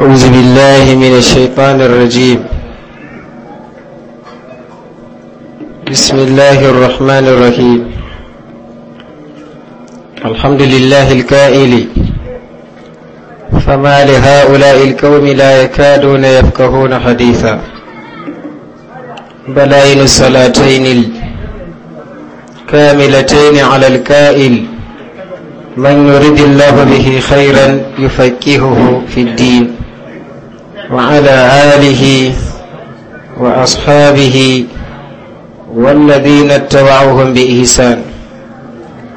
أعوذ بالله من الشيطان الرجيم بسم الله الرحمن الرحيم الحمد لله الكائل فما لهؤلاء القوم لا يكادون يفقهون حديثا بلائن الصلاتين الكاملتين على الكائل من يرد الله به خيرا يفكهه في الدين وعلى آله وأصحابه والذين اتبعوهم بإحسان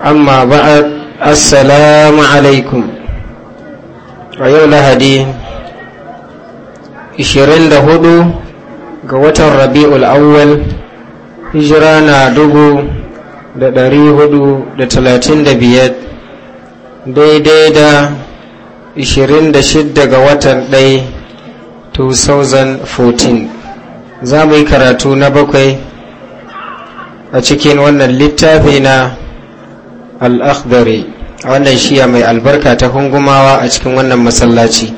أما بعد السلام عليكم ويوم هدي 24 ga watan rabi'ul awwal hijira na dubu da ɗari hudu da talatin da biyar daidai da 26 ga watan ɗaya 2014 za mu yi karatu na bakwai a cikin wannan littafi na al'akhdari a wannan shiya mai albarka ta hungumawa a cikin wannan masallaci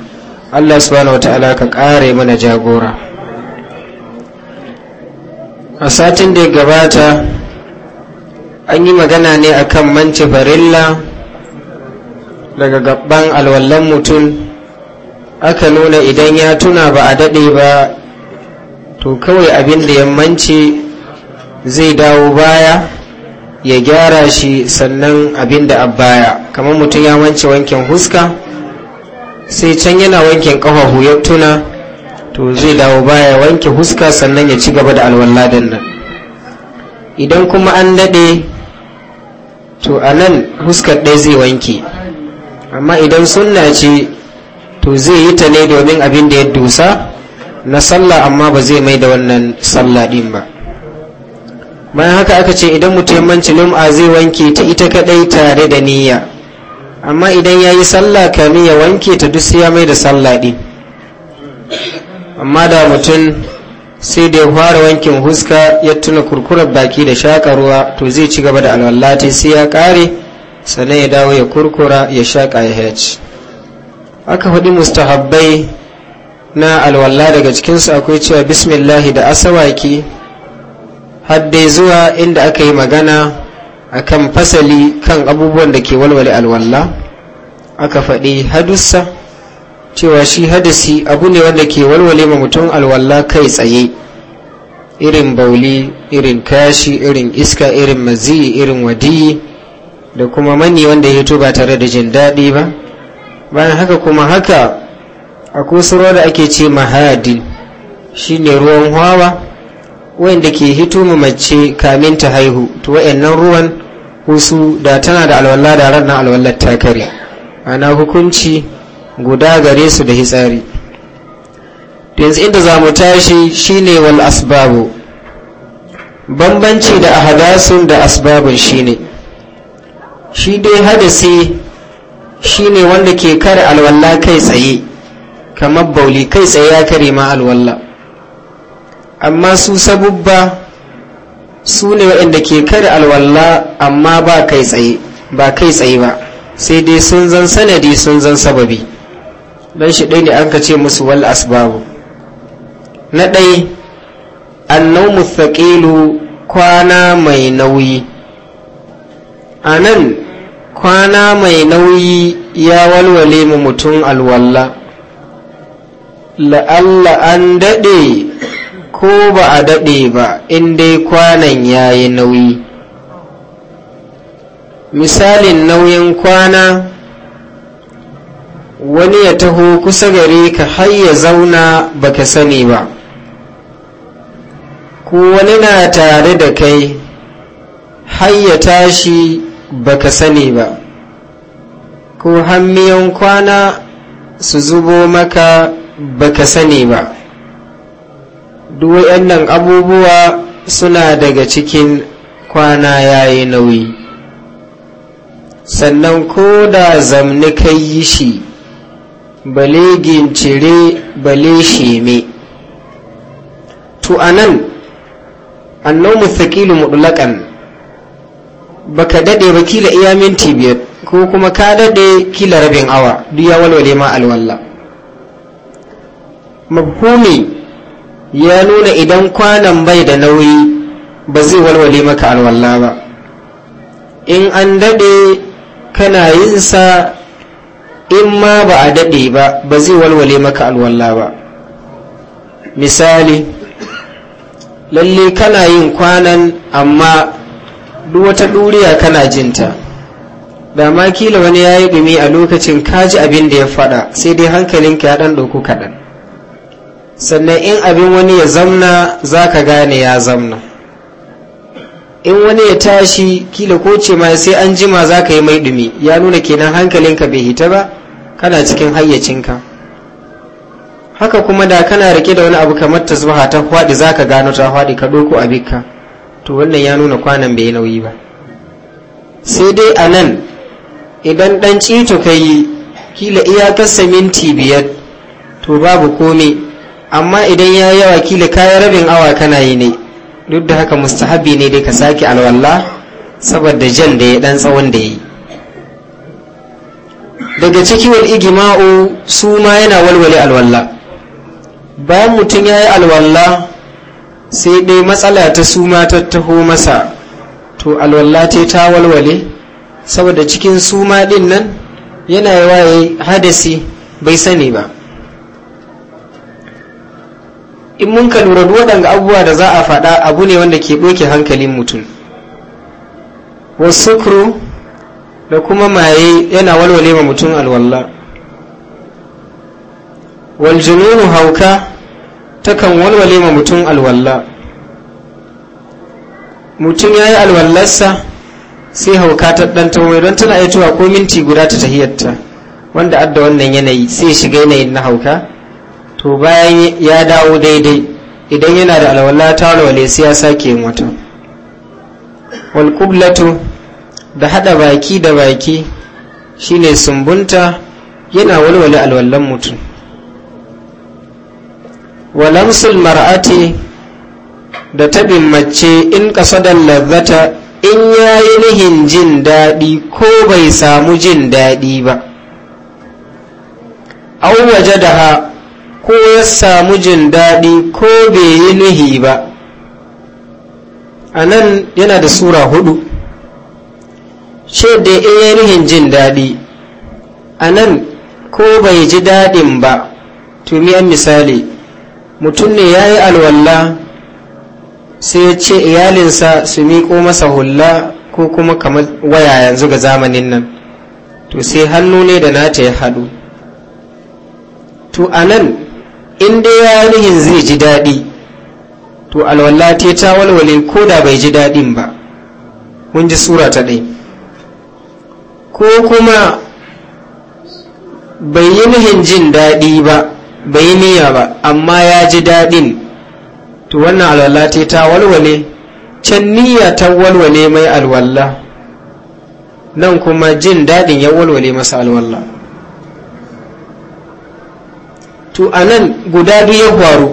allah subhanahu wata ka kare mana jagora a satin da ya gabata an yi magana ne akan manci farilla daga gabban alwallon mutum aka nuna idan ya tuna ba a daɗe ba to kawai abin da yammanci zai dawo baya ya gyara shi sannan abin da baya kamar mutum ya wance wankin huska sai can yana wankin ƙafafu ya tuna to zai dawo baya wanke huska sannan ya ci gaba da alwalladin nan idan kuma an daɗe to a nan huskar ɗaya zai wanke amma idan sunna ce to zai yi ta ne domin abin da ya dusa na sallah amma ba zai mai da wannan sallah din ba bayan haka aka ce idan mutum manci lum'a zai wanke ta ita kadai tare da niyya amma idan ya yi sallah kamin ya wanke ta duk ya mai da sallah din amma da mutum sai da ya fara wankin huska ya tuna kurkurar baki da shaƙa ruwa to zai ci gaba da alwallati sai ya ƙare sannan ya dawo ya kurkura ya shaƙa ya hajji aka faɗi mustahabbai na alwallah daga cikinsu akwai cewa bismillahi da asawaki haddai zuwa inda aka yi magana a kan fasali kan abubuwan da ke walwale alwallah aka faɗi hadussa cewa shi hadisi abu ne wanda ke walwale ma mutum alwallah kai tsaye irin bauli irin kashi irin iska irin maziyi irin wadiyi da kuma mani wanda ya ba tare da jin daɗi ba bayan haka kuma haka a kusurwa da ake ce mahadi ne ruwan hawa wanda ke hito mace kamin ta haihu to wayannan ruwan husu da tana da alwala da ranar alwallah ta kare ana hukunci guda gare su da hitsari yanzu inda za mu tashi shi ne wal asbabu bambanci da ahadasun da asbabun shine shi dai hadasi Shi ne wanda ke kare alwalla kai tsaye kamar bauli kai tsaye ya kare ma alwalla amma su sabubba su ne waɗanda ke kare alwalla amma ba kai tsaye ba kai tsaye ba sai dai sun zan sanadi sun zan sababi don shi ɗai ne an ka ce musu wal asbabu na ɗai annau muthaƙilu kwana mai nauyi a nan kwana mai nauyi ya walwale mu mutum alwalla la'alla an daɗe ko ba a daɗe ba in dai kwanan ya yi nauyi misalin nauyin kwana wani ya taho kusa gare ka har ya zauna ka sani ba ko wani na tare da kai har ya tashi baka sani ba ko hammiyan kwana su zubo maka baka sani ba duk 'yannan abubuwa suna daga cikin kwana yayi nauyi sannan ko da zamni kai yi shi bale gincire bale sheme to anan annon thaqilu mutlaqan baka dade ba kila iya minti biyar ko kuma ka dade kila rabin awa duk ya walwale ma alwala mafhumi ya nuna idan kwanan bai da nauyi ba zai walwale maka alwala ba in an dade kana yin sa in ma ba a dade ba ba zai walwale maka alwala ba misali lalle kana yin kwanan amma duk wata ɗuriya kana jinta da ma kila wani ya yi gumi a lokacin kaji abin da ya faɗa sai dai hankalinka ya ɗan ɗauku kaɗan sannan in abin wani ya zamna za ka gane ya zamna in wani ya tashi kila ko ce ma sai an jima za ka yi mai ɗumi ya nuna kenan hankalinka bai hita ba kana cikin hayyacinka haka kuma da kana rike da wani abu kamar tasbaha ta kwadi za ka gano ta kwadi ka ɗoko abinka to wannan ya nuna kwanan bai nauyi ba sai dai a nan idan ɗan cito ka yi kila iyakarsa minti biyar to babu komai amma idan ya yawa kila kayan rabin awa kana yi ne duk da haka mustahabi ne dai ka sake alwalla saboda jan da ya ɗan tsawon da ya yi daga cikin igima'u su ma yana walwale alwalla bayan mutum ya yi alwalla sai dai matsala ta suma ta taho masa to alwalla ce ta walwale saboda cikin suma din nan yana yi waye hadasi bai sani ba in mun ka lura waɗanda abubuwa da za a faɗa abu ne wanda ke ɗoke hankalin mutum wasu da kuma maye yana walwale ma mutum alwalla waljununu hauka takan walwale ma mutum alwalla mutum ya yi alwallarsa sai hauka ta ɗan tawaye don tana aitowa ko minti guda ta tahiyarta wanda adda wannan yanayi sai shiga yanayin na hauka to bayan ya dawo daidai idan yana da alwala ta walwale sai ya sake yin wata walƙublatu da haɗa baki da baki shine sumbunta yana walwale alwallan mutum walamsul mar'ati da tabin mace in kasadan lazzata in yayi nihin jin daɗi ko bai samu jin daɗi ba An waje da ko ya samu jin daɗi ko bai yi nihi ba a nan yana da sura hudu da in yayi nihin jin daɗi a nan ko bai ji daɗin ba to mi misali mutum ne ya yi alwalla sai ya ce iyalinsa su miƙo masa hulla ko kuma kamar waya yanzu ga zamanin nan to sai hannu ne da nata ya haɗu to a nan inda dai ya zai ji daɗi to alwalla ta ta walwale ko da bai ji daɗin ba mun ji sura ta ɗai ko kuma bai yi nuhin jin daɗi ba bai yi niyya ba amma ya ji daɗin to wannan alwala ta ta walwale can niyya ta walwale mai alwala nan kuma jin daɗin ya walwale masa alwala to a nan guda biyu ya faru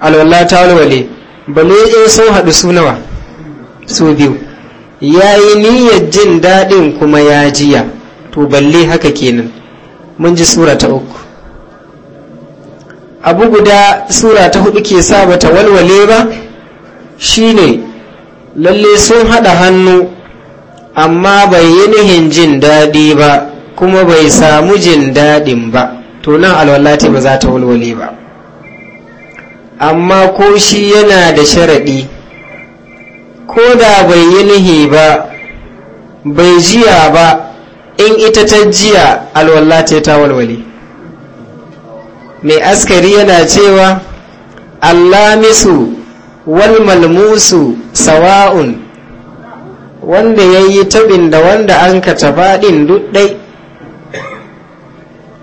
alwala ta walwale bale in sun haɗu su nawa su biyu ya yi niyyar jin daɗin kuma ya jiya to balle haka kenan mun ji sura ta uku abu guda sura ta hudu ke sa bata walwale ba shine lalle sun haɗa hannu amma bai yi nihin jin daɗi ba kuma bai samu jin daɗin ba to nan alwallati ba za ta walwale ba amma ko shi yana da sharaɗi ko da bai yi nihi ba bai jiya ba in ita ta jiya alwallati ta walwale mai askari yana cewa allamisu wal malmusu sawa'un wanda ya yi taɓin da wanda an ka tafaɗin duɗɗai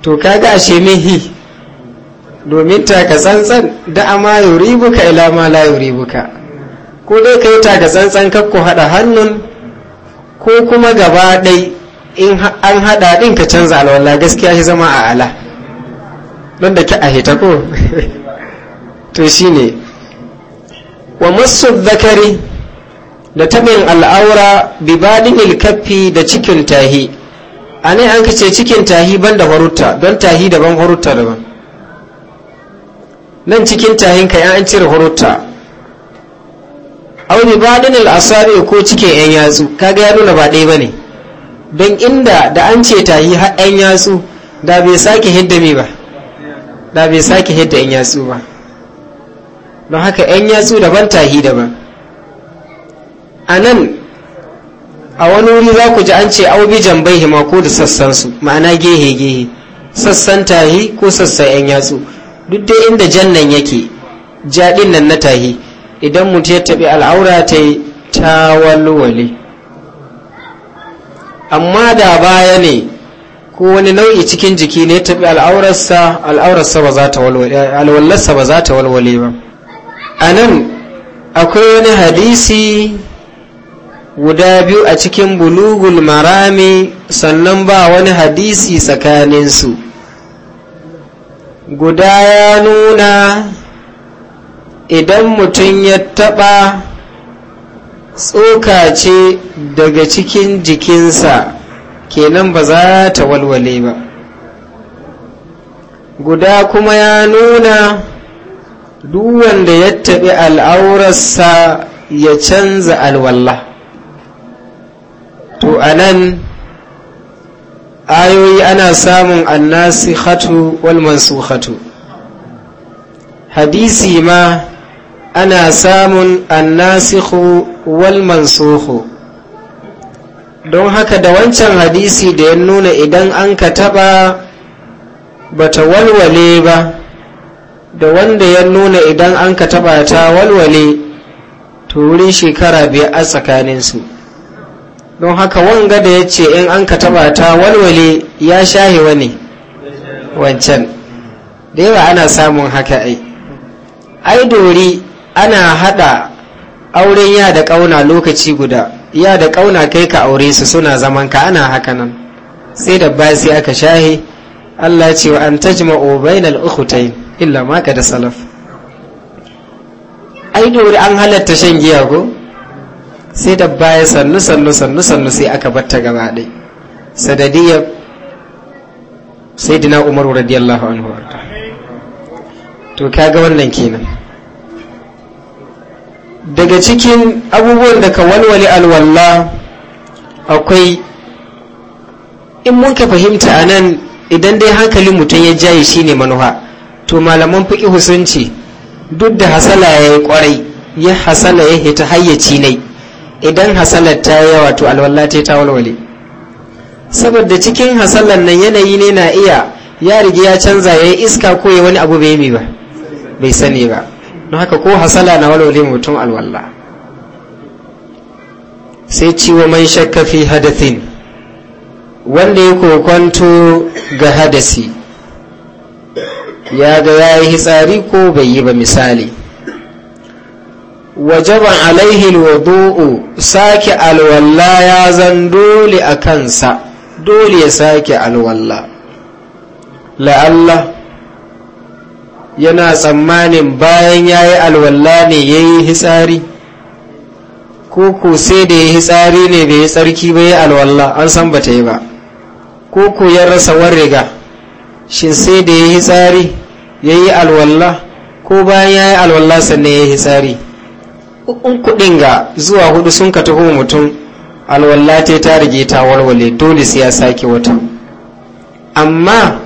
to kaga ashe mihi domin taka tsantsan da ama buka ila ma la buka ko dai ka yi taka tsantsan kakko haɗa hannun ko kuma gaba ɗai in an haɗa ɗin ka canza alwala gaskiya shi zama a ala don da ki a hita ko to shine wa masu zakari da taɓin al'aura bibalin ilkafi da cikin tahi a ne an kace cikin tahi ban da harutta don tahi daban harutta daban nan cikin tahin kai an cire harutta auni badin al'asari ko cikin 'yan yatsu kaga ya nuna ba ɗaya ba ne don inda da an ce tahi har 'yan yatsu da bai sake hidda ba da bai sake hidda yan yatsu ba don haka yan yatsu daban tahi daban a nan a wani wuri za ku ji an ce aubi jambai hima ko da sassan su ma'ana gehe-gehe sassan tahi ko sassan yan yatsu duk dai inda jannan yake jaɗin nan na tahi idan mutum ya taɓi al'aura ta yi ta walwale amma da baya ne ko wani nau'i cikin jiki ne tabi al'aurarsa al'aurarsa ba za ta walwale alwallarsa ba za ta walwale ba a nan akwai wani hadisi guda biyu a cikin bulugul marami sannan ba wani hadisi tsakaninsu guda ya nuna idan mutum ya taɓa tsoka ce daga cikin jikinsa kenan ba za ta walwale ba guda kuma ya nuna duk wanda ya taɓi al'aurarsa ya canza alwalla to a nan ayoyi ana samun annasi hatu walmansu hatu hadisi ma ana samun annasihu walmansuhu don haka da wancan hadisi da ya nuna idan an ka taɓa bata walwale ba da wanda ya nuna idan an ka taɓa ta walwale to wurin shekara biyar a tsakaninsu don haka wanga da ya ce in an ka taɓa ta walwale ya shahi wani wancan da yawa ana samun haka ai ai dori ana hada auren ya da ƙauna lokaci guda ya da ƙauna kai ka aure su suna zaman ka ana haka nan sai da ba sai aka shahi Allah ce wa an tajma'u bainal ukhtayn illa ma da salaf ai dori an halatta shan giya ko sai da baya sannu sannu sannu sannu sai aka batta gaba ɗai sadadiyar sai dina umaru radiyallahu anhu to kaga wannan kenan daga cikin abubuwan da ka walwale alwalla akwai in mun ka fahimta a nan idan dai hankalin mutum ya jaye shi ne manuha to malaman fiƙi husunci duk da hasala ya yi ƙwarai ya hasala ya hita hayyaci ne idan hasalar ta yi yawa to alwalla ta ta walwale saboda cikin hasalar nan yanayi ne na iya ya riga ya canza ya yi iska ko ya wani abu bai yi ba bai sani ba don haka ko hasala na walwale mutum alwalla sai ciwo man shakka fi hadathin wanda ya kokwanto ga hadasi ya ga ya yi hitsari ko bai yi ba misali wajaban alaihi alwudu'u sake alwalla ya zan dole a kansa dole ya sake alwalla la'alla yana tsammanin bayan ya yi alwalla ne ya yi hitsari ko ko sai da ya yi hitsari ne bai yi tsarki bai yi alwalla an san ba ta yi ba ko ko ya rasa warriga shin sai da ya yi hitsari ya yi alwalla ko bayan ya yi alwalla sannan ya yi hitsari in kuɗin ga zuwa hudu sun ka taho mutum alwalla ta ta rige ta warware dole sai ya sake wata amma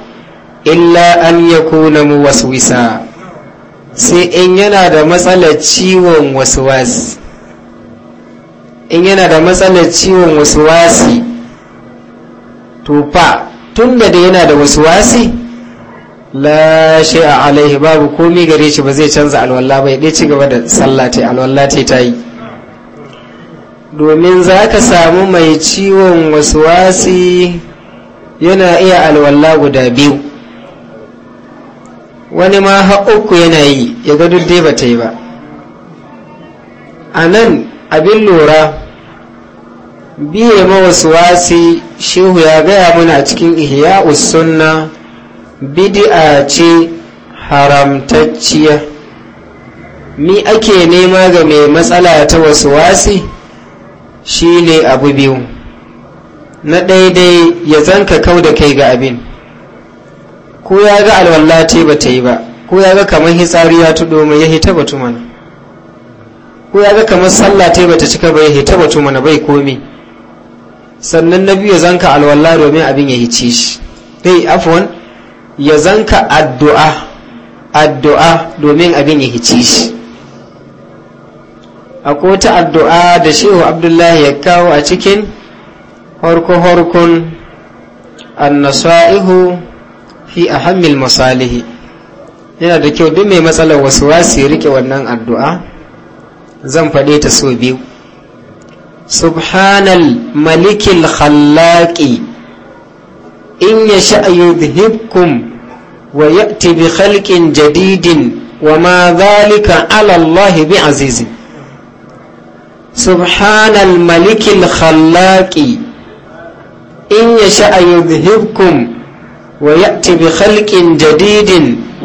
illa an ya kuna mu waswisa sai in yana da matsalar ciwon waswasi in yana da matsalar ciwon waswasi to fa tun da yana da waswasi la shi a alaihi babu komi gare shi ba zai canza alwala ba ya ci gaba da sallate alwala ta ta yi domin za ka samu mai ciwon waswasi yana iya alwala guda biyu wani ma haƙoƙo yana yi ya ga duk dai bata yi ba a nan abin lura biye mawasuwasi shehu ya gaya muna cikin ihya sunna bid'a ce haramtacciya ni ake nema ga mai matsala ta wasu wasuwasi shine abu biyu na daidai ya zanka kau da kai ga abin ko ya ga alwalla ba ta yi ba ko ya ga kamar hitsari ya tudo mai ya hita batu mana ko ya ga kamar sallah ba ta cika ba ya hita batu mana bai komi sannan na biyu ya zanka alwalla domin abin ya hice shi dai afwan ya zanka addu'a addu'a domin abin ya hice shi akwai wata addu'a da shehu abdullahi ya kawo a cikin horko-horkon annasa'ihu fi hamil masalihi yana da kyau duk mai matsalar wasu wasu rike wannan addu'a zan faɗe ta so biyu subhanal malikil khallaki in ya sha'ayudhibkum wa ya'ti bi khalqin jadidin wa ma zalika ala bi azizin subhanal malikil khallaki in ya sha'ayudhibkum ويأتي بخلق جديد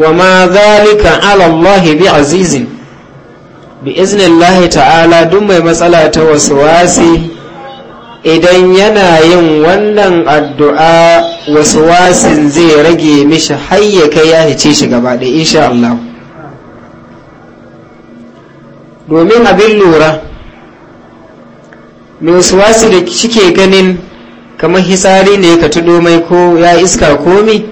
وما ذلك على الله بعزيز بإذن الله تعالى دم مسألة وسواسي idan yana yin wannan addu'a wasu wasin zai rage mishi hayyaka ya hice shi gaba da insha Allah domin abin lura mai wasu wasu da shike ganin kamar hisari ne ka tudo mai ko ya iska komi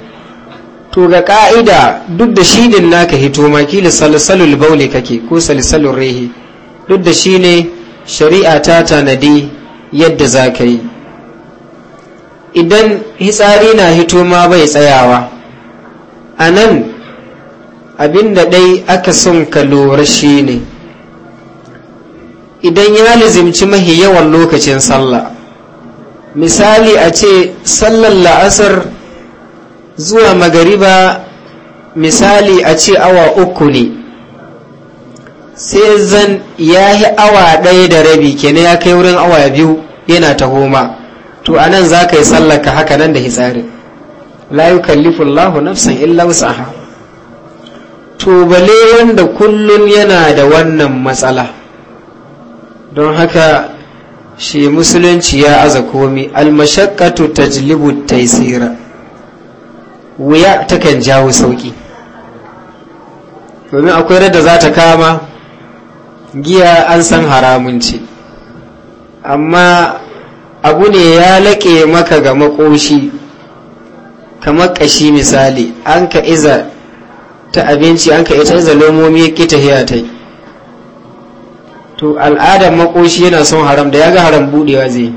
to ga ka'ida duk da shi din naka hito makila salsalul bauli kake ko salsalul rehi duk da shi ne shari'a ta tanadi yadda za ka yi idan hitsari na hito ma bai tsayawa a nan da ɗai aka son ka lura shi ne idan ya lizimci mahi yawan lokacin sallah misali a ce sallar la'asar zuwa magariba misali a ce awa uku ne sai zan ya yi awa ɗaya da rabi kenan ya kai wurin awa biyu yana ta homa to a nan za ka yi sallaka haka nan da hiTsari. la kallifin lahu nafsan illa wasaha to bale wanda kullum yana da wannan matsala don haka shi musulunci ya aza komi almashakkatu tajlibu taisira wuya takan jawo sauki domin akwai rada za ta kama giya an san haramunci amma abu ne ya laƙe maka ga makoshi kamar ƙashi misali an ka iza ta abinci an ka ita iza lomomi ya ƙi ta yi to al'adar makoshi yana son haram da ya ga haram budewa zai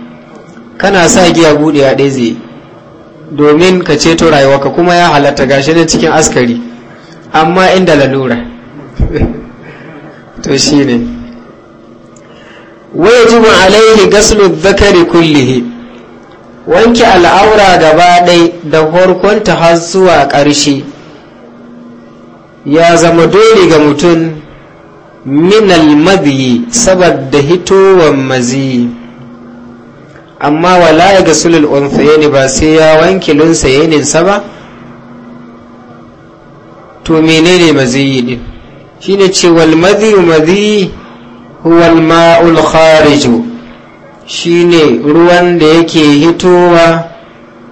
kana sa giya budewa ɗaya zai domin ka ceto ka kuma ya halatta gashi na cikin askari amma inda lalura to shi ne Wai wajibu alaihi gaslu zakari kullihi wanke al'aura gaba ɗai da farkonta har zuwa ƙarshe ya zama dole ga mutum minal madhi saboda hitowar mazi amma wala ya gasulul unthayni ba sai ya wanke lunsayeninsa ba to menene maziyi din shine ce wal madhi madhi huwa al ma'ul kharij shine ruwan da yake hitowa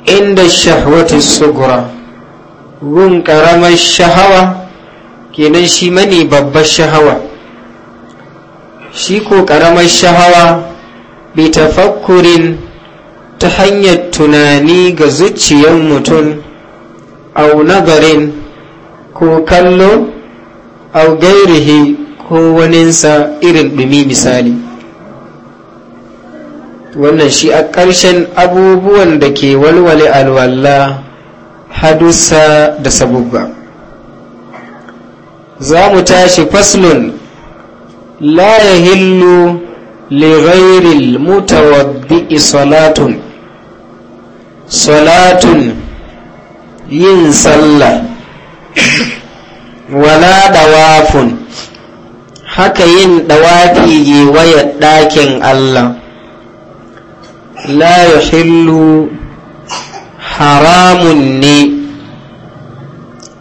inda shahwati sugura gun karamar shahawa kenan shi mani babbar shahawa shi ko ƙaramar shahawa bi tafakkurin ta hanyar tunani ga zuciyar mutum au nagarin ko kallo au gairihi ko waninsa irin ɗumi misali wannan shi a ƙarshen abubuwan da ke walwale alwala hadusa da sabubba za mu tashi faslun la yahillu li ghayril mutawaddi salatun yin sallah wala dawafun haka yin dawafi gewaya ɗakin Allah la yuhillu haramun ne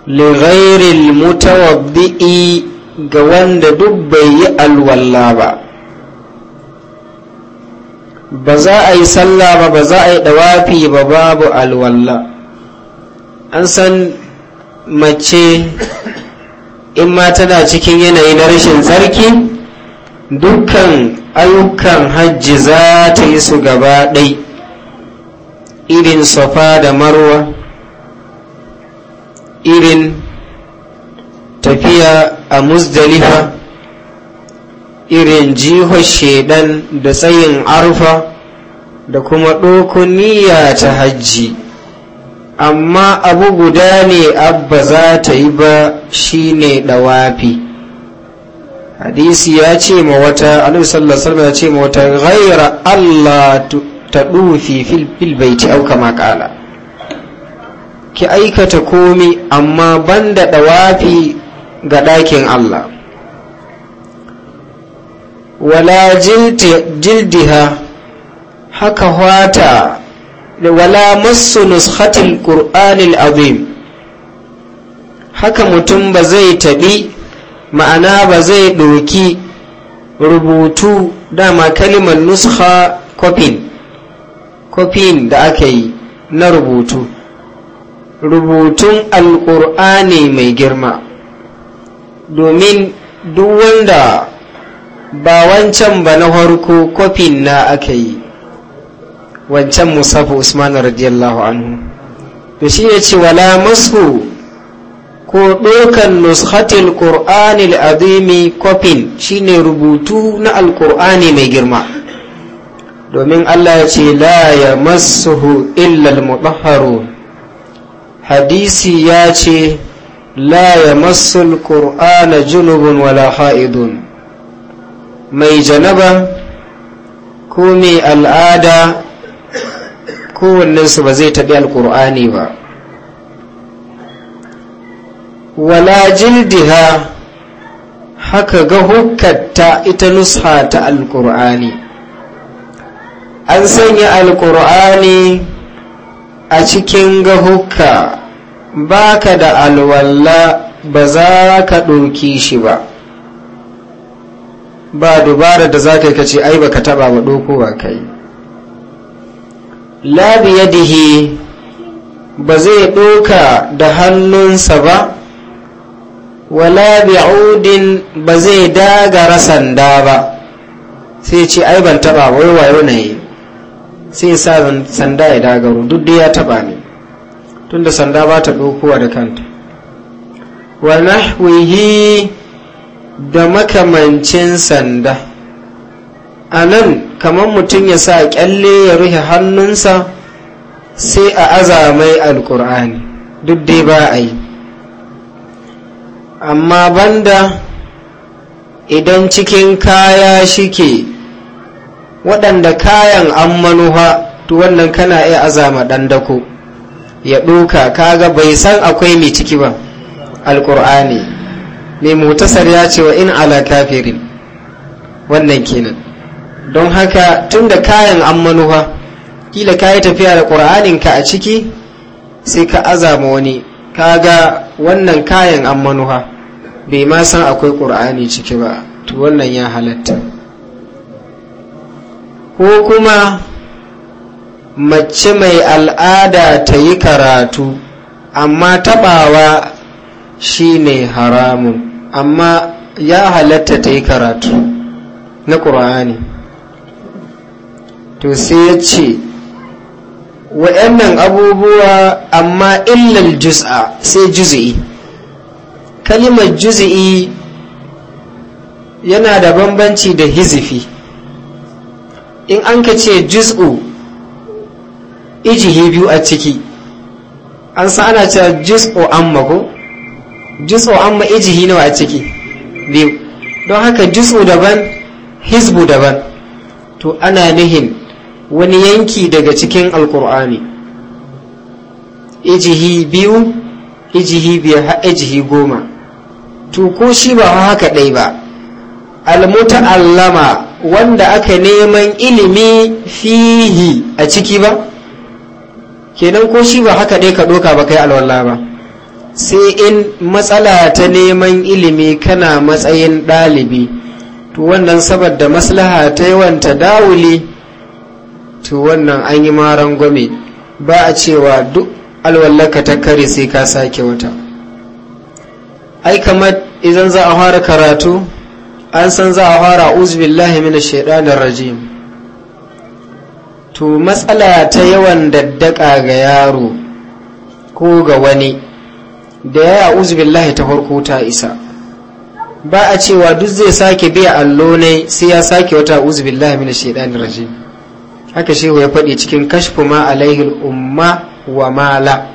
li ghayril mutawaddi'i ga wanda duk bai yi alwalla ba ba za a yi sallah ba ba za a yi dawafi ba babu alwalla an san mace in ma tana cikin yanayi na rashin tsarki dukkan ayyukan hajji za ta yi su gaba ɗai irin safa da marwa irin tafiya a musdalifa irin jihar shedan da tsayin arfa da kuma ɗoko ta hajji amma abu guda ne abba za ta yi ba shine ɗawafi hadisi ya ce ma wata alaihi ya ce ma wata ghaira allah ta ɗufi fil baiti au kama ƙala ki aikata komi amma banda ɗawafi ga ɗakin Allah wala jildiha haka wata wala masu nuskhatil ƙur'anil azim haka mutum ba zai taɓi ma'ana ba zai ɗoki rubutu dama kalimar nuskha kofin kofin da aka yi na rubutu rubutun alƙur'ani mai girma domin duk wanda ba wancan ba na harko kofin na aka yi wancan musafu usman radiyallahu anhu to shi ya ce wala masu ko ɗaukan nuskhatil ƙur'anil azimi kofin shine rubutu na alƙur'ani mai girma domin allah ya ce la ya masu illal mutahharu hadisi ya ce la ya masul junubun wala ha'idun mai janaba ko mai al'ada kowannensu ba zai taɓi alƙur'ani ba wala jildiha haka ga hukatta ita nusha ta alƙur'ani an sanya alƙur'ani a cikin ga hukka baka da alwalla ba za ka ɗauki shi ba ba dubara da za ka yi kace ai baka taba ba ɗauko ba kai labi yadihi ba zai ɗauka da hannunsa ba wala bi'udin ba zai dagara sanda ba sai ce ai ban taba wai wayo ne sai sa sanda ya dagaru duk da ya taba ne tunda sanda ba ta ɗaukowa da kanta wa nahwihi da makamancin sanda a nan kamar mutum ya sa kyalle ya ruhe hannunsa sai a azamai alkur'ani duk dai ba a yi amma banda idan cikin kaya shike waɗanda kayan an manuha to wannan kana iya azama ɗan dako ya ɗuka kaga bai san akwai mai ciki ba alƙur'ani mai mutasar ya ce wa in ala kafirin wannan kenan don haka tun da kayan an manuwa kila ka yi tafiya da ƙur'anin ka a ciki sai ka azama wani kaga wannan kayan an manuwa bai ma san akwai ƙur'ani ciki ba to wannan ya halatta ko kuma mace mai al'ada ta yi karatu amma taɓawa shi ne haramun amma ya halatta ta yi karatu na ƙur'ani to sai ya ce wa'annan abubuwa amma illal jus'a sai juzi'i. kalimar juzi'i yana da bambanci da hizifi in an ka ce juz'u ijihi biyu a ciki an sa ana cewa jis'o amma ko jis'o amma ijihi nawa a ciki biyu don haka jis'o daban hizbu daban to ana nihin wani yanki daga cikin alkur'ani ijihi biyu ijihi biyar har ijihi goma to ko shi ba haka ɗai ba almuta'allama wanda aka neman ilimi fihi a ciki ba kenan ko shi ba haka dai ka doka ba kai alwala ba sai in matsala ta neman ilimi kana matsayin ɗalibi to wannan saboda maslaha ta yawan dawuli to wannan an yi maran gwame ba a cewa duk alwallaka ta kare sai ka sake wata ai kamar idan za a fara karatu an san za a fara uzbillahi mina shaitanir rajim to matsala ta yawan daddaka ga yaro ko ga wani da ya uzubillahi ta farko ta isa ba a cewa duk zai sake biya allo ne sai ya sake wata billahi mina shaidanin rajim haka shehu ya faɗi cikin kashfu ma laihul umma wa mala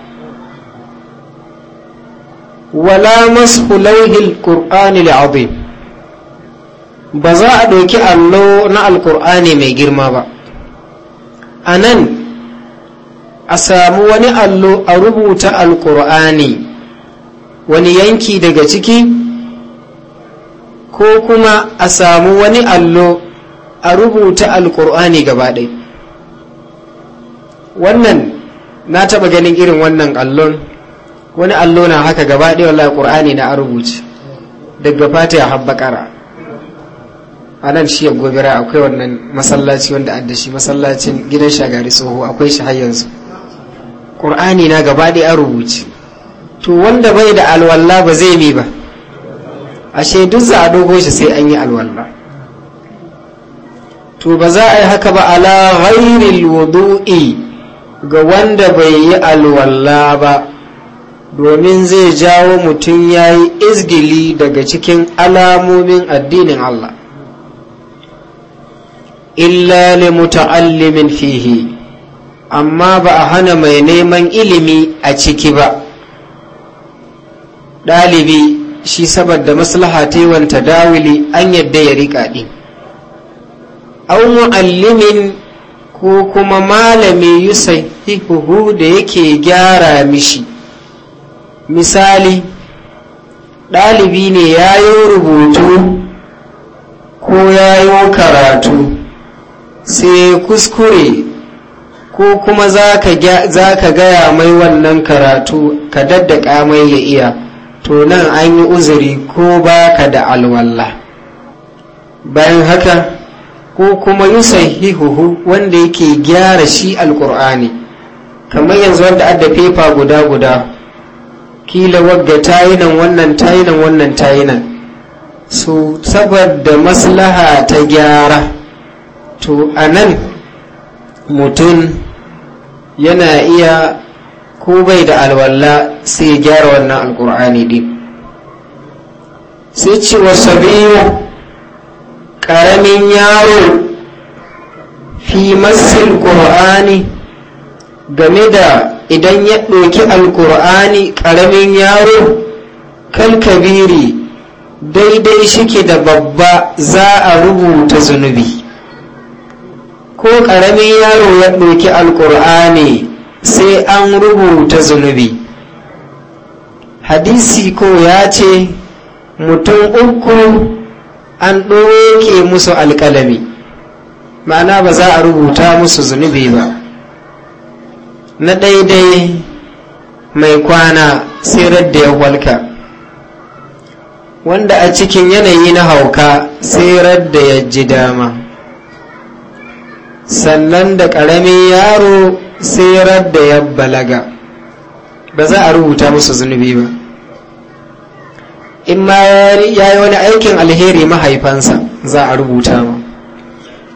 wala mashu lauhil qur'ani al'azim ba za a ɗauki allo na Alƙur'ani mai girma ba a nan a samu wani allo a rubuta alkur'ani wani yanki daga ciki ko kuma a samu wani allo a rubuta alkur'ani gabaɗai wannan na taɓa ganin irin wannan allon wani allo na haka gabaɗai wallahi ƙur'ani na a rubuce daga fata ya habbakara a nan shi gobira akwai wannan masallaci wanda adda shi masallacin gidan shagari tsoho akwai shi har yanzu ƙur'ani na gaba ɗaya an rubuce to wanda bai da alwalla ba zai mi ba ashe duk za a dogo shi sai an yi alwalla to ba za a yi haka ba ala ghairil wudu'i ga wanda bai yi alwalla ba domin zai jawo mutum ya yi izgili daga cikin alamomin addinin Allah illa li muta'allimin fihi amma ba a hana mai neman ilimi a ciki ba ɗalibi shi saboda maslaha taiwan tadawili an yadda ya riƙa ɗin an mu'allimin ko kuma malami buhu da yake gyara mishi misali ɗalibi ne ya yi rubutu ko ya yi karatu sai kuskure ko kuma za ka gaya mai wannan karatu ka daddaka mai ya iya to nan an yi uzuri ko ba ka da alwalla bayan haka ko kuma yusahihuhu wanda yake gyara shi alkur'ani kamar yanzu wanda adda fefa guda guda kila wagga tayinan wannan tayinan wannan tayinan Su saboda maslaha ta gyara to a nan mutum yana iya ko bai da alwala sai gyara wannan alkur'ani din sai ce wasu biyu ƙaramin yaro fi masil ƙur'ani game da idan ya ɗauki alkur'ani ƙaramin yaro kalkabiri daidai shike da babba za a rubuta zunubi ko ƙaramin yaro ya ɗauki alƙur'ani sai an rubuta zunubi hadisi ko ya ce mutum uku an ɗoke musu alƙalami ma'ana ba za a rubuta musu zunubi ba na daidai mai kwana sai da ya walka wanda a cikin yanayi na hauka sai da ya ji dama sannan da ƙaramin yaro sai da ya balaga ba za a rubuta musu zunubi ba in ma ya yi wani aikin alheri mahaifansa za a rubuta ma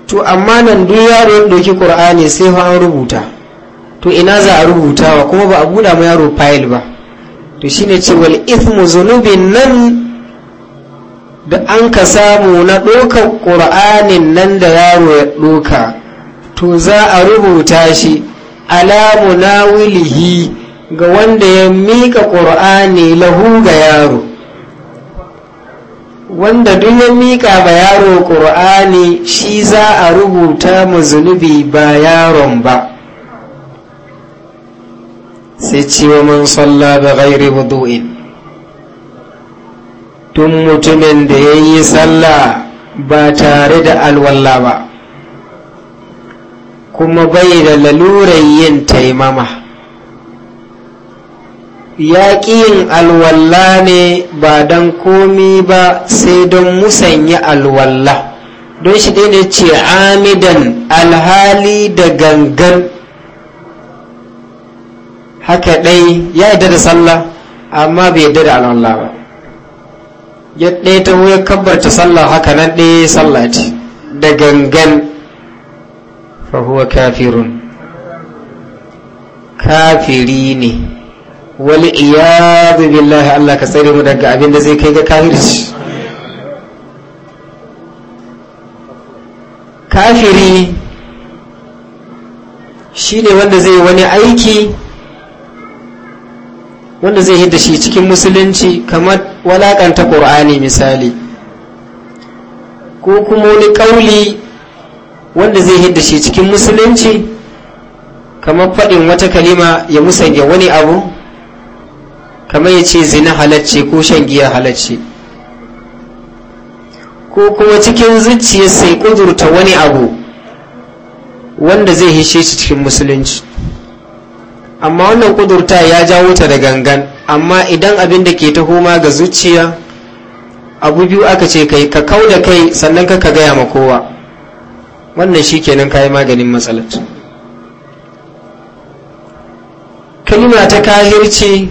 to amma nan duk yaro ya ɗauki ƙur'ani sai an rubuta to ina za a rubuta wa kuma ba a buɗa mu yaro fayil ba to shi ce cewar ismu zunubi nan da an ka samu na ɗaukar ƙur'anin nan da yaro ya ɗoka to za a rubuta shi alamu na wilihi ga wanda ya mika ƙur'ani lahu ga yaro wanda duk ya mika ba yaro ƙur'ani shi za a rubuta mu zunubi ba yaron ba sai cewa man salla ba gairi wudu'in tun mutumin da ya yi sallah ba tare da alwallah ba kuma bai da lalurar yin taimama ya yin alwalla ne ba don komi ba sai don musanya alwalla don shi dai ne ce amidan alhali da gangan haka ɗai ya yi da sallah amma bai yadda da alwalla ba ya ɗaya ta wuya kabbarta sallah haka nan ɗaya sallah ce da gangan fahuwa كافر kafiri ne بالله iyadu billahi Allah ka tsare mu daga abin da zai kai ga kafiri shi ne wanda zai wani aiki wanda zai hidda shi cikin musulunci kamar walakanta ƙur'ani misali ko kuma wani ƙauli wanda zai hidda shi cikin musulunci kamar faɗin wata kalima ya musanya wani abu kamar ya ce zina halacce ko shan giya halacce ko kuma cikin zuciya sai kudurta wani abu wanda zai hishe shi cikin musulunci amma wannan kudurta ya jawo ta da gangan amma idan abin da ke taho ma ga zuciya abu biyu aka ce kai ka kau da kai sannan ka gaya ma kowa wannan shi kenan kayi maganin matsalar kalima ta kahirci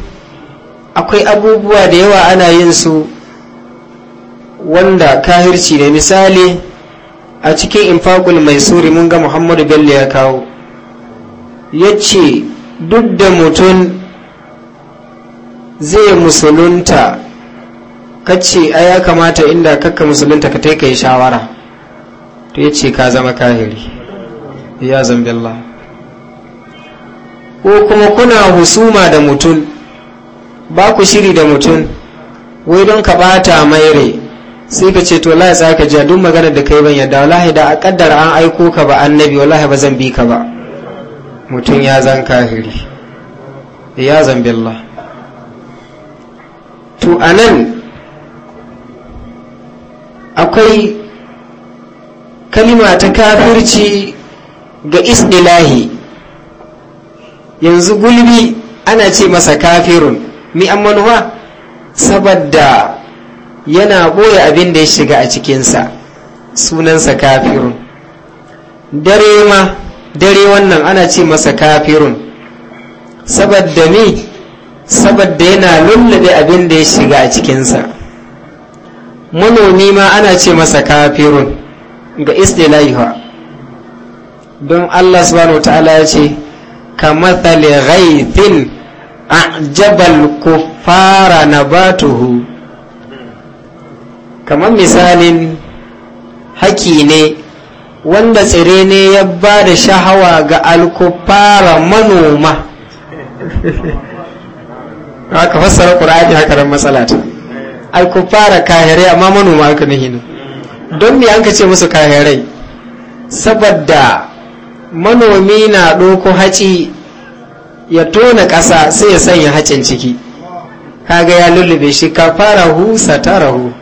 akwai abubuwa da yawa ana yin su wanda kahirci ne misali a cikin infagul mai suri mun ga muhammadu bello ya kawo ya ce duk da mutum zai musulunta kace ce a ya kamata inda kakka musulunta ka taika yi shawara ya ce ka zama kahiri ya zambillah ko kuma kuna husuma da mutum ba ku shiri da mutum wai don ka bata maire sai ka ce to lai ya ka jiya duk maganar da kai ban yadda wallahi da a kaddara an aiko ka ba annabi wallahi ba zan bi ka ba mutum ya zan kahiri ya zambillah to anan akwai kalima ta kafirci ga isdilahi yanzu gulbi ana ce masa kafirun mi ammanuwa saboda yana boye abin da ya shiga a cikinsa sunansa kafirun dare ma dare wannan ana ce masa kafirun saboda mi saboda yana lullube abin da ya shiga a cikinsa manomi ma ana ce masa kafirun ga istilaiha don Allah subhanahu wa ta'ala ya ce kamathali ghaithin ajabal kuffara batuhu kamar misalin haki ne wanda tsire ne ya ba da shahawa ga alkufara manoma haka fassara ƙura'ani haka ran matsala ta alkufara kahirai amma manoma haka na don me an ka ce musu rai? saboda manomi na ɗoko haci ya tona ƙasa sai ya sanya hacin ciki kaga ya lullube shi ka fara ta rahu."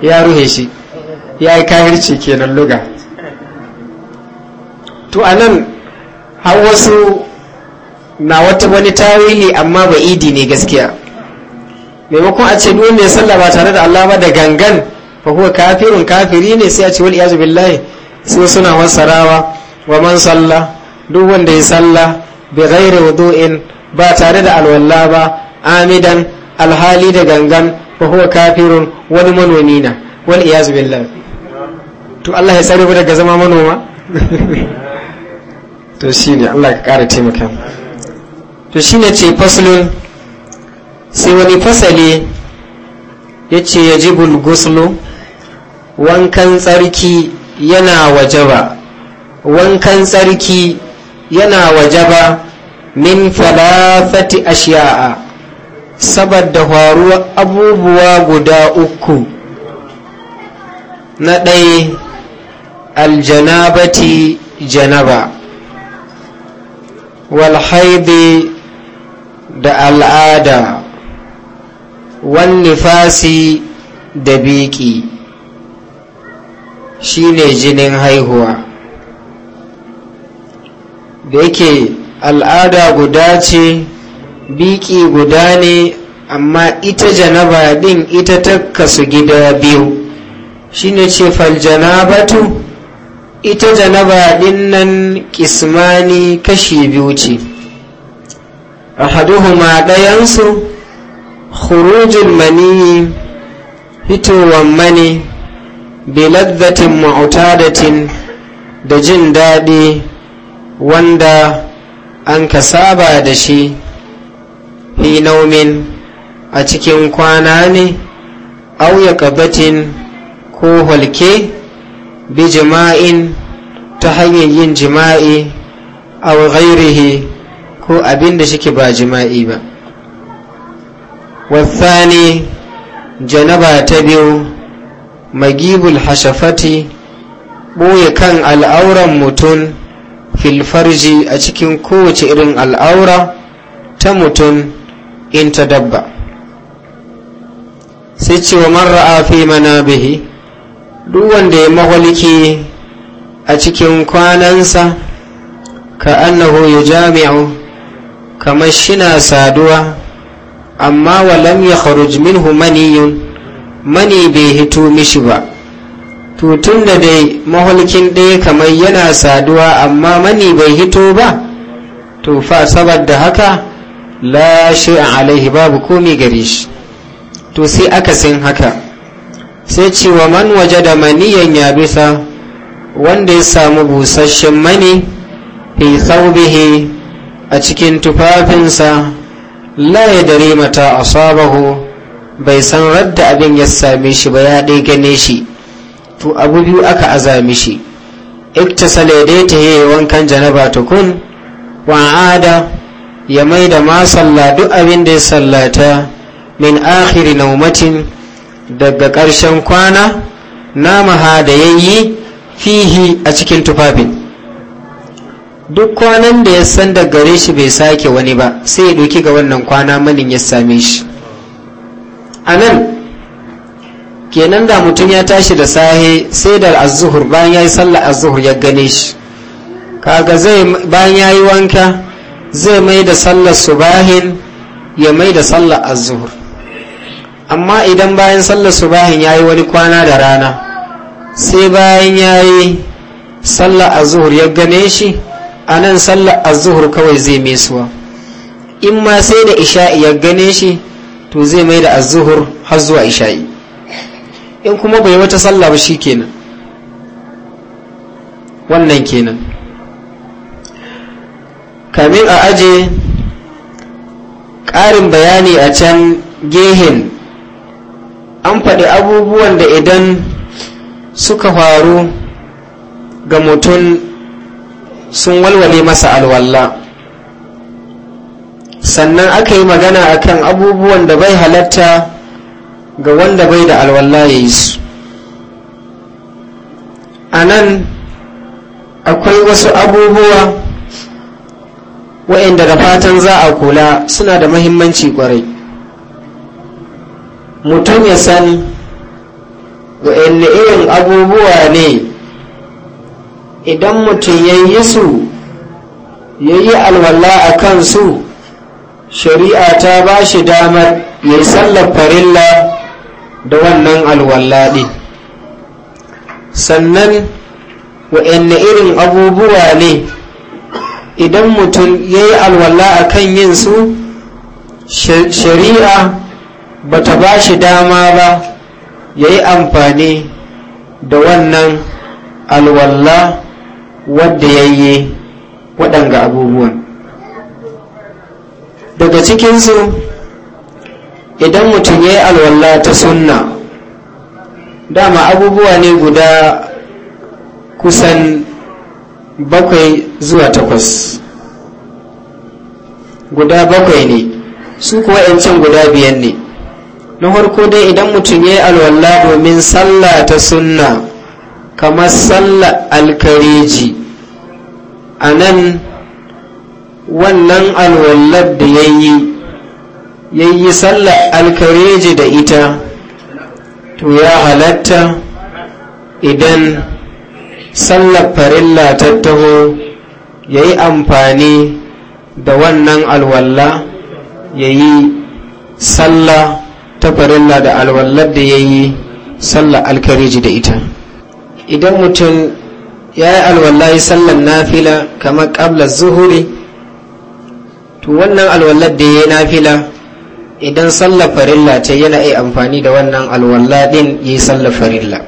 ya ruhe shi ya yi kahirci kenan luga to anan har wasu na wata wani tawili amma ba idi ne gaskiya maimakon a ce duk mai sallah ba tare da Allah da gangan fa huwa kafirun kafiri ne sai a ce wal iyazu billahi su suna wasarawa wa man salla duk wanda ya salla bi ghairi wudu'in ba tare da alwala ba amidan alhali da gangan fa huwa kafirun wani manomi na wal iyazu billahi to Allah ya tsare mu daga zama manoma to shine Allah ka kara taimaka to shine ce faslun sai wani fasali yace yajibul ghuslu wankan tsarki yana wajaba wankan tsarki yana wajaba min falafati ashiya'a saboda faruwar abubuwa guda uku na ɗaya aljanabati janaba walhaidi da al'ada wannifasi da biki Shi ne jinin haihuwa da yake al'ada guda ce biki guda ne amma ita janaba din ita ta kasu gida biyu shi ne ce faljanabatu ita janaba din nan kismani kashi biyu ce ahaduhuma ɗayansu khurujul mani hitowar mani biladdatin ma'utadatin da jin daɗi wanda an ka saba da shi fi naumin a cikin kwana ne auya kabatin ko halke bi jima'in ta hanyar yin jima'i a ghairihi ko abin da shike ba jima'i ba wasani janaba ta biyu magibul hashafati ɓoye kan al'auran mutum filfarji a cikin kowace irin al'aura ta mutum in ta dabba sai ce wa marra'a fi manabihi duk wanda ya maholiki a cikin kwanansa ka annahu ya jami'u kamar shina saduwa amma walam ya kharuj minhu maniyun mani bai hito mishi ba to tun da dai mahulkin ɗaya kamar yana saduwa amma mani bai hito ba to fa saboda haka la shi'a alaihi babu komi gare shi to sai akasin haka sai cewa man waje da maniyan ya bisa wanda ya samu busasshen mani fi saubihi a cikin tufafinsa la ya dare mata asabahu bai san radda abin ya same shi ba ya ɗai gane shi to abu biyu aka azami shi iktasala ya ta yi wankan janaba tukun wa'ada ya mai da ma salla duk abin da ya sallata min akhiri naumatin daga ƙarshen kwana na maha da ya yi fihi a cikin tufafin duk kwanan da ya san da gare shi bai sake wani ba sai ya ɗauki ga wannan kwana manin ya same shi a nan kenan da mutum ya tashi da sahe sai da azuhur bayan ya yi sallar azuhur ya gane shi kaga zai bayan ya yi wanka zai mai da sallar subahin ya mai da sallar azuhur amma idan bayan sallar subahin ya yi wani kwana da rana sai bayan ya yi sallar azuhur ya gane shi a nan sallar azuhur kawai zai mesuwa in ma sai da isha'i ya gane shi to zai mai da azuhur har zuwa isha'i in kuma bai wata sallah ba kenan wannan kenan kamin a aje ƙarin bayani a can gehen an faɗi abubuwan da idan suka faru ga mutum sun walwale masa alwallah sannan aka yi magana akan abubuwan da bai halatta ga wanda bai da alwallah ya yi su a nan akwai wasu abubuwa waɗanda da fatan za a kula suna da mahimmanci kwarai mutum ya sani waɗanne irin abubuwa ne idan mutum ya yi su ya yi alwala a kansu shari'a ta ba shi damar mai sallar farilla da wannan alwallaɗi sannan wa'anne irin abubuwa ne idan mutum ya yi alwala a kan yin su shari'a ba ta ba shi dama ba ya yi amfani da wannan alwalla wadda ya yi waɗanga abubuwan daga cikinsu idan mutum ya yi alwallah ta sunna dama abubuwa ne guda kusan bakwai zuwa takwas guda bakwai ne su kuwa 'yancin guda biyan ne na farko dai idan mutum ya yi alwallah domin sallah ta sunna kamar sallah alkareji a nan wannan alwallar da ya yi ya yi sallar alkareji da ita to ya halatta idan sallar farilla ta taho ya yi amfani da wannan alwalla ya yi sallar ta farilla da alwallar da ya yi sallar alkareji da ita idan mutum ya yi alwallai sallar nafila kamar ƙablar zuhuri to wannan alwallar da ya nafila idan sallar farilla ce yana iya amfani da wannan alwallar din ya yi sallar farilla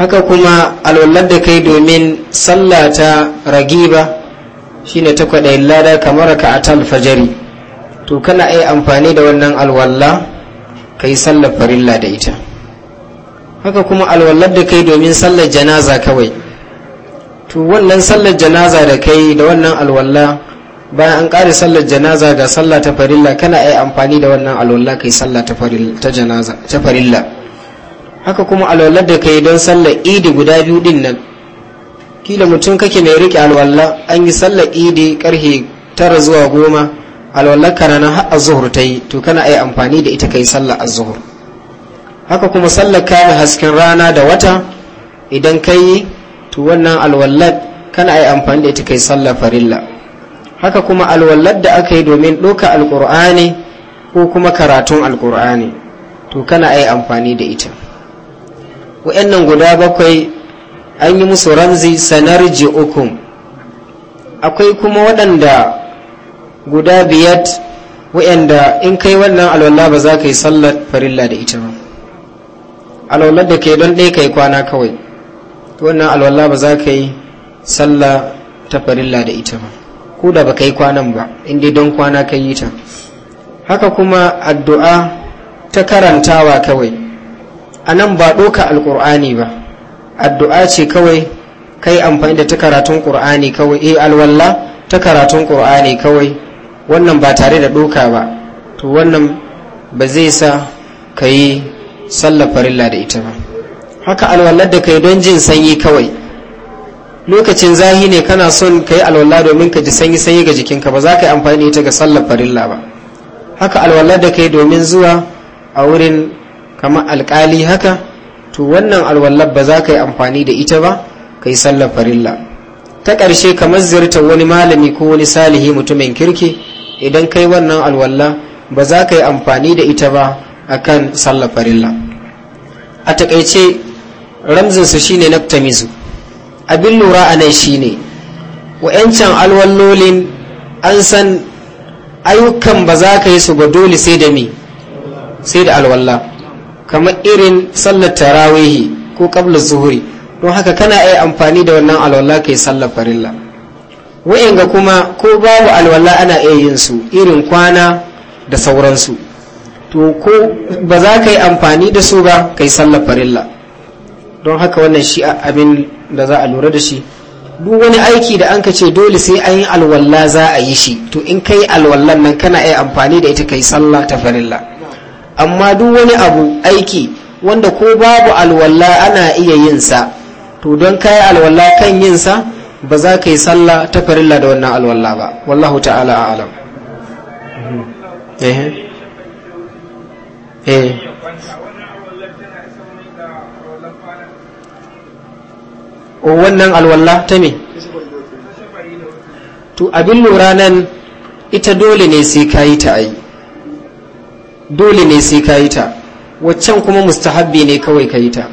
haka kuma alwallar da kai domin sallah ta ragiba shine ta kwaɗayin lada kamar ka atal fajari to kana iya amfani da wannan alwallar ka yi sallar farilla da ita haka kuma alwallar da kai domin sallar janaza kawai to wannan sallar janaza da kai da wannan alwallar bayan an ƙare sallar janaza ga sallah ta farilla kana yi amfani da wannan alwala kai sallah ta janaza ta farilla haka kuma alwallar da kai don sallar idi guda biyu din nan kila mutum kake mai rike alwala an yi sallar idi karhe tara zuwa goma alwallar kana nan har azuhur ta yi to kana yi amfani da ita kai sallar azuhur haka kuma sallar kayan hasken rana da wata idan ka yi to wannan alwallar kana yi amfani da ita kai sallar farilla haka kuma alwallar da aka yi domin ɗauka alƙur'ani ko kuma karatun alƙur'ani to kana ai amfani da ita wa'annan guda bakwai an yi musu ramzi sanar ji'ukum akwai kuma waɗanda guda biyat wa'anda in kai wannan alwallar ba za ka yi sallar farilla da ita ba alwallar da kai don ɗaya ka yi kwana kawai wannan alwallar ba za ka yi sallah ta farilla da ita ba ko da baka yi kwanan ba inda don kwana ka yi ta haka kuma addu'a ta karantawa kawai a nan ba ɗoka alƙur'ani ba addu'a ce kawai kai amfani da ta karatun ƙur'ani kawai eh alwalla ta karatun ƙur'ani kawai wannan ba tare da ɗoka ba to wannan ba zai sa ka yi sallar farilla da ita ba haka alwallar da kai don jin sanyi kawai lokacin zahi ne kana son ka yi alwala domin ka ji sanyi sanyi ga jikinka ba za ka yi amfani ita ga sallar farilla ba haka alwala da ka yi domin zuwa a wurin kamar alkali haka to wannan alwallar ba za ka yi amfani da ita ba ka yi sallar farilla ta ƙarshe kamar ziyartar wani malami ko wani salihi mutumin kirki idan kai wannan alwalla ba za ka yi amfani da ita ba a kan sallar farilla a takaice ramzinsu shine naftamizu abin lura a nan shine wa'yancan alwallolin an san ayyukan ba za ka yi su ba dole sai da mi sai da alwalla kamar irin sallar tarawihi ko kabla zuhuri don haka kana iya amfani da wannan alwalla ka yi sallar farilla wa'yanga kuma ko babu alwalla ana iya yin su irin kwana da sauransu to ko ba za ka yi amfani da su ba ka yi sallar farilla don haka wannan shi abin da za a lura da shi duk wani aiki da an ka ce dole sai an yi alwalla za a yi shi to in ka yi alwallan nan kana iya amfani da ita ka yi sallah ta farilla amma duk wani abu aiki wanda ko babu alwalla ana iya yinsa to don ka yi alwalla kan yin sa ba za ka yi sallah ta farilla da wannan alwalla ba wallahu ta'ala a'lam mm-hmm. eh eh o wannan alwala ta me to abin lura nan ita dole ne sai ka yi ta ai dole ne sai ka yi ta waccan kuma mustahabbi ne kawai ka yi ta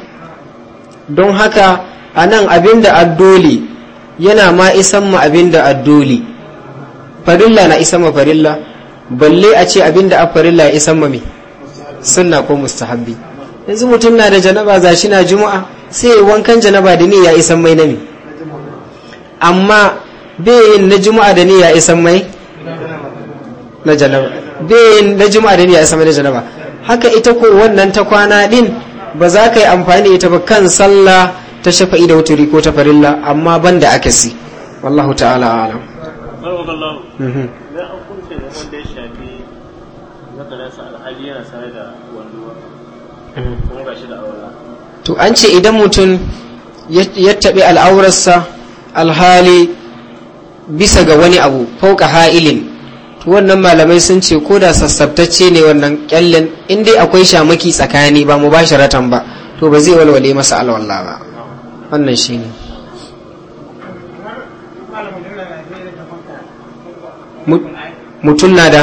don haka a nan abin da addoli yana ma isan ma abin da addoli farilla na isan ma farilla balle a ce abin da a farilla ya isan ma me sunna ko mustahabbi yanzu mutum na da janaba za shi na juma'a sai wankan janaba da ne ya isan mai nami amma bayin na juma'a da ne ya isan mai na janaba bayin na juma'a da ne ya isan mai na janaba haka ita ko wannan ta kwana din ba za ka yi amfani ita ba kan sallah ta shafa'i da wuturi ko ta farilla amma ban da akasi wallahu ta'ala alam to an ce idan mutum ya taɓi al'aurarsa alhali bisa ga wani abu fauka ha'ilin to wannan malamai sun ce ko da sassabtacce ne wannan kyallin in dai akwai shamaki tsakani ba mu shi ratan ba to ba zai walwale masa alwallah ba wannan shi ne mutum na da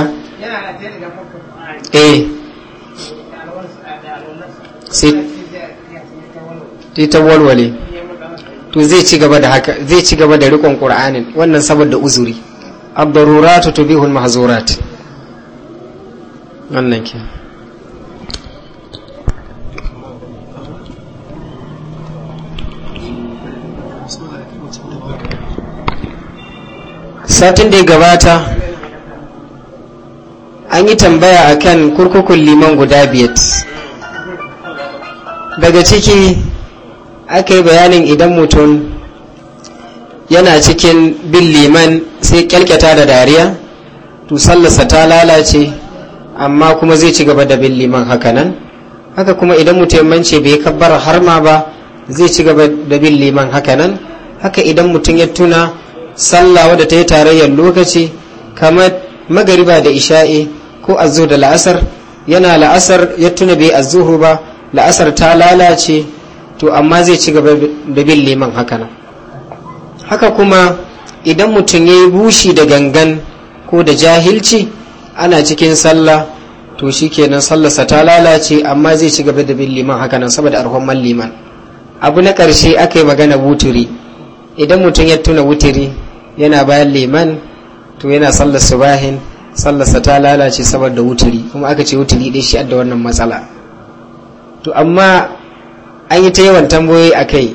sai ta walwale to zai ci gaba da haka zai ci gaba da rikon qur'anin wannan saboda uzuri abdururatu to bihun mahazurat wannan ke satin da ya gabata an yi tambaya akan kurkukun liman guda biyar daga ciki aka yi bayanin idan mutum yana cikin bin liman sai kyalkyata da dariya to sallarsa ta lalace amma kuma zai ci gaba da bin liman hakanan haka kuma idan mutum mance bai kabbara har ma ba zai ci gaba da bin liman hakanan haka idan mutum ya tuna sallah wadda ta yi tarayyar lokaci kamar magariba da isha'i ko azu da la'asar yana la'asar ya tuna bai azuhu ba la'asar ta lalace to amma zai ci gaba da bin liman haka nan haka kuma idan mutum ya yi bushi da gangan ko da jahilci ana cikin sallah to shi kenan sallarsa ta lalace amma zai ci gaba da bin liman haka nan saboda arhon liman abu na ƙarshe aka yi magana wuturi idan mutum ya tuna wuturi yana bayan liman to yana sallar subahin sallarsa ta lalace saboda wuturi kuma aka ce wuturi ɗaya shi da wannan matsala to amma an yi ta yawan tambayoyi a kai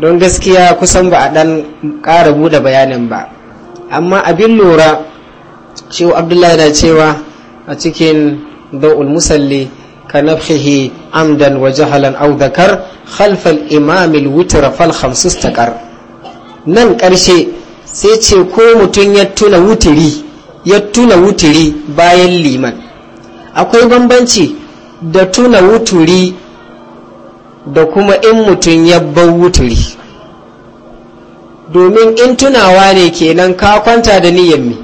don gaskiya kusan ba a ɗan ƙara buɗe bayanin ba amma abin lura shehu abdullahi na cewa a cikin da'ul musalli ka nafihi amdan wa jahalan audakar dakar khalfal imamil wutura fal khamsus takar nan ƙarshe sai ce ko mutum ya tuna wutiri ya tuna wutiri bayan liman akwai bambanci da tuna wuturi da kuma in mutum ya bar wuturi domin in tunawa ne kenan ka kwanta da niyyar mi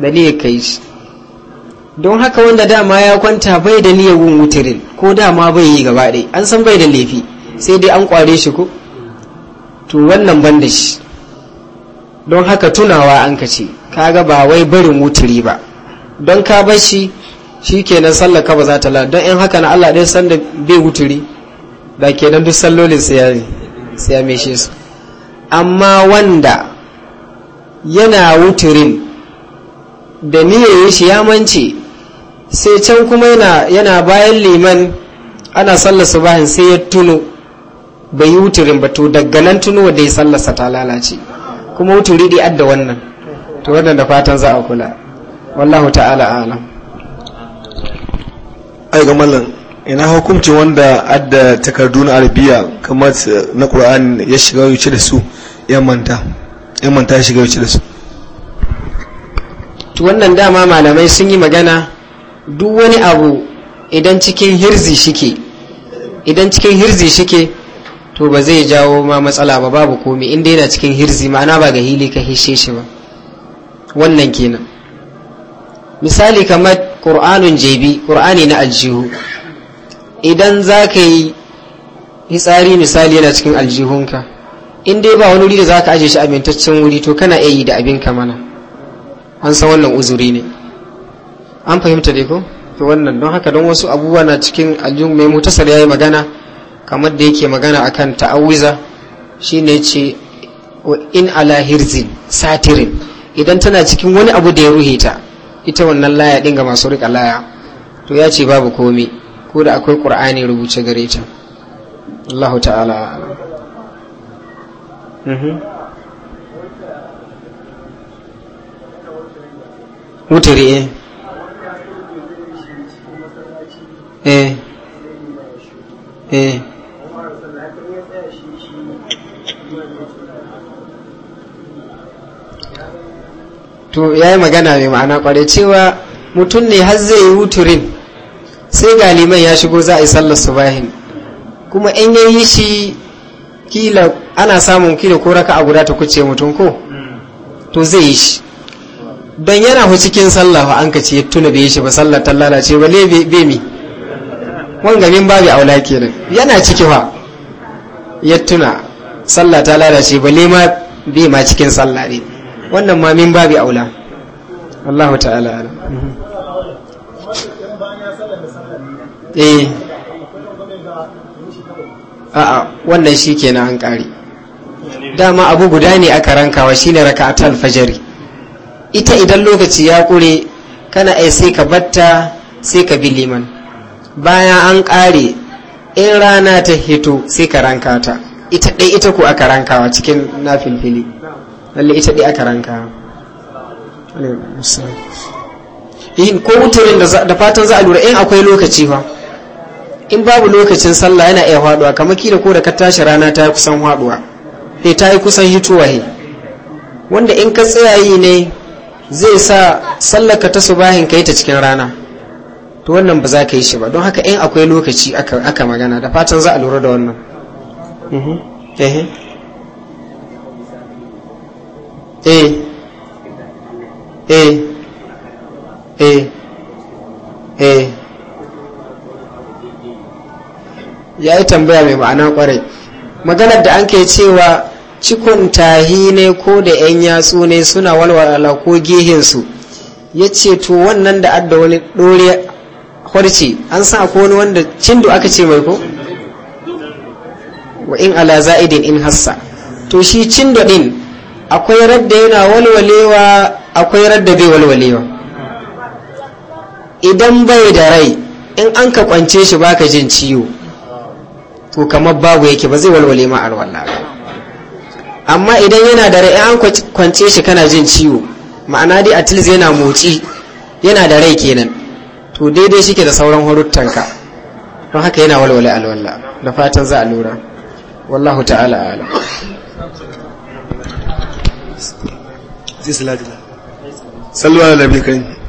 da niyan kai shi don haka wanda dama ya kwanta bai da niyan wun wuturin ko dama bai yi gaba ɗaya an san bai da laifi sai dai an kware shi ko to wannan ban da shi don haka tunawa an ka ce kaga ba wai barin wuturi ba don ka bar shi shi kenan sallaka ba za ta la don in haka na Allah ɗaya sanda bai wuturi da kenan duk sallolin sai ya meshe su amma wanda yana wuturin da niyayi shi ya mance sai can kuma yana bayan liman ana sallasa bayan sai ya tuno bai wuturin ba to daga nan tuno da ya sallasa ta lalace kuma wuturi dai adda wannan to wannan da fatan za a kula wallahu ta'ala alam ai ga mallan ina hukunci wanda adda takardun arabiya kamar na qur'an ya shiga yuce da su yan manta ya manta ya shiga yuce da su to wannan dama malamai sun yi magana duk wani abu idan cikin hirzi shike idan cikin hirzi shike to ba zai jawo ma matsala ba babu komi in dai yana cikin hirzi ma'ana ba ga hili ka hishe shi ba wannan kenan misali kamar qur'anun jebi qur'ani na aljihu idan za ka yi fitsari misali yana cikin aljihunka in dai ba wani wuri da za ka aje shi mintaccen wuri to kana iya yi da abin ka mana an san wannan uzuri ne an fahimta dai ko to wannan don haka don wasu abubuwa na cikin aljihun mai mutasar ya yi magana kamar da yake magana akan ta'awiza shine ce in ala satirin idan tana cikin wani abu da ya ruhe ta ita wannan laya dinga masu riƙa laya to ya ce babu komai ko da akwai ƙur'ani rubuce gare ta Allah ta'ala wutare E! E! to ya yi magana mai ma'ana kwarai cewa mutum ne har zai yi wuturin sai ga liman ya shigo za a yi sallar subahin kuma in ya yi shi kila ana samun kila ko raka a guda ta kuce mutum ko to zai yi shi don yana hu cikin sallah an ka ce tuna bai yi shi ba sallar ta lalace ba le be mi wangamin babu aula kenan yana ciki fa ya tuna sallah ta lalace ba le ma bai ma cikin sallah ne wannan ma min babu aula Allahu ta'ala eh a'a wannan shi kenan an ƙare dama abu guda ne aka rankawa shine raka'atul fajari ita idan lokaci ya ƙure kana ai sai ka batta sai ka bi liman bayan an ƙare in rana ta hito sai ka ranka ta ita ɗai ita ko aka rankawa cikin na filfili lalle ita ɗai aka rankawa in eh, ko wuturin da fatan za a lura in akwai lokaci fa in babu lokacin sallah yana iya haduwa kamar kila ko da ka tashi rana ta yi kusan haduwa ne eh, ta yi kusan hituwa he wanda in ka tsayayi ne zai sa sallaka ta subahin ka yi ta cikin rana to wannan ba za ka yi shi ba don haka in akwai lokaci aka magana da fatan za a lura da wannan mhm. eh eh eh eh, eh. eh. ya yi tambaya mai ma'ana kwarai maganar da an ke cewa cikon tahi ne ko da 'yan yatsu ne suna walwala ko gehensu ya ce to wannan da adda wani ɗore kwarci an sa ko wani wanda cindu aka ce mai ko wa in ala za'idin in hassa to shi cindo din akwai radda yana walwalewa akwai radda bai walwalewa idan bai da rai in an ka kwance shi baka jin ciwo to kamar babu yake ba zai walwale ma alwala ba amma idan yana da rai an kwance shi kana jin ciwo ma'ana dai at least yana motsi yana da rai kenan to daidai shike da sauran horuttanka don haka yana walwale alwala da fatan za a lura wallahu ta'ala ala sallu ala